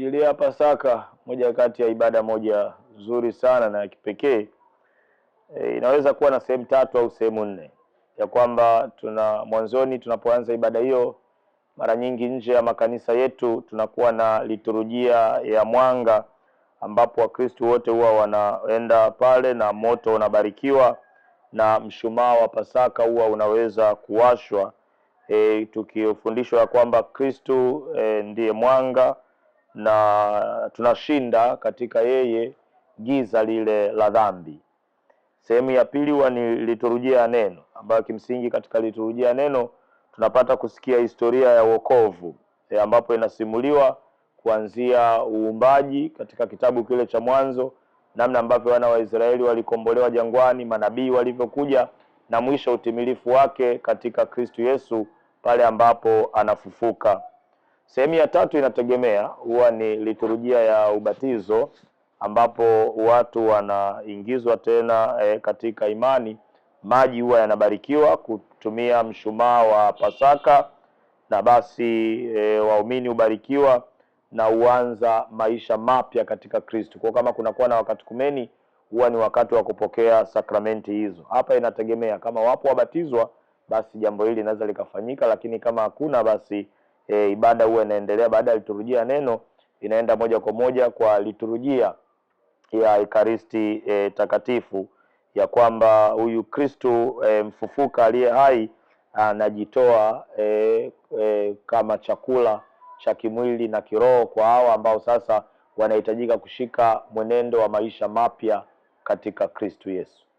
Kuijilia Pasaka moja kati ya ibada moja nzuri sana na ya kipekee e, inaweza kuwa na sehemu tatu au sehemu nne, ya kwamba tuna mwanzoni, tunapoanza ibada hiyo, mara nyingi nje ya makanisa yetu tunakuwa na liturujia ya mwanga, ambapo Wakristo wote huwa wanaenda pale na moto unabarikiwa na mshumaa wa Pasaka huwa unaweza kuwashwa, e, tukifundishwa ya kwamba kristu e, ndiye mwanga na tunashinda katika yeye giza lile la dhambi. Sehemu ya pili huwa ni liturujia ya neno, ambayo kimsingi katika liturujia ya neno tunapata kusikia historia ya wokovu e, ambapo inasimuliwa kuanzia uumbaji katika kitabu kile cha Mwanzo, namna ambavyo wana wa Israeli walikombolewa jangwani, manabii walivyokuja na mwisho utimilifu wake katika Kristu Yesu pale ambapo anafufuka. Sehemu ya tatu inategemea huwa ni liturujia ya ubatizo ambapo watu wanaingizwa tena e, katika imani. Maji huwa yanabarikiwa kutumia mshumaa wa Pasaka na basi e, waumini hubarikiwa na huanza maisha mapya katika Kristo. Kwa kama kunakuwa na wakati kumeni, huwa ni wakati wa kupokea sakramenti hizo. Hapa inategemea kama wapo wabatizwa, basi jambo hili linaweza likafanyika, lakini kama hakuna basi e, ibada huwa inaendelea baada ya liturujia neno inaenda moja kwa moja kwa liturujia ya Ekaristi e, takatifu ya kwamba huyu Kristu e, mfufuka aliye hai anajitoa e, e, kama chakula cha kimwili na kiroho kwa hawa ambao sasa wanahitajika kushika mwenendo wa maisha mapya katika Kristu Yesu.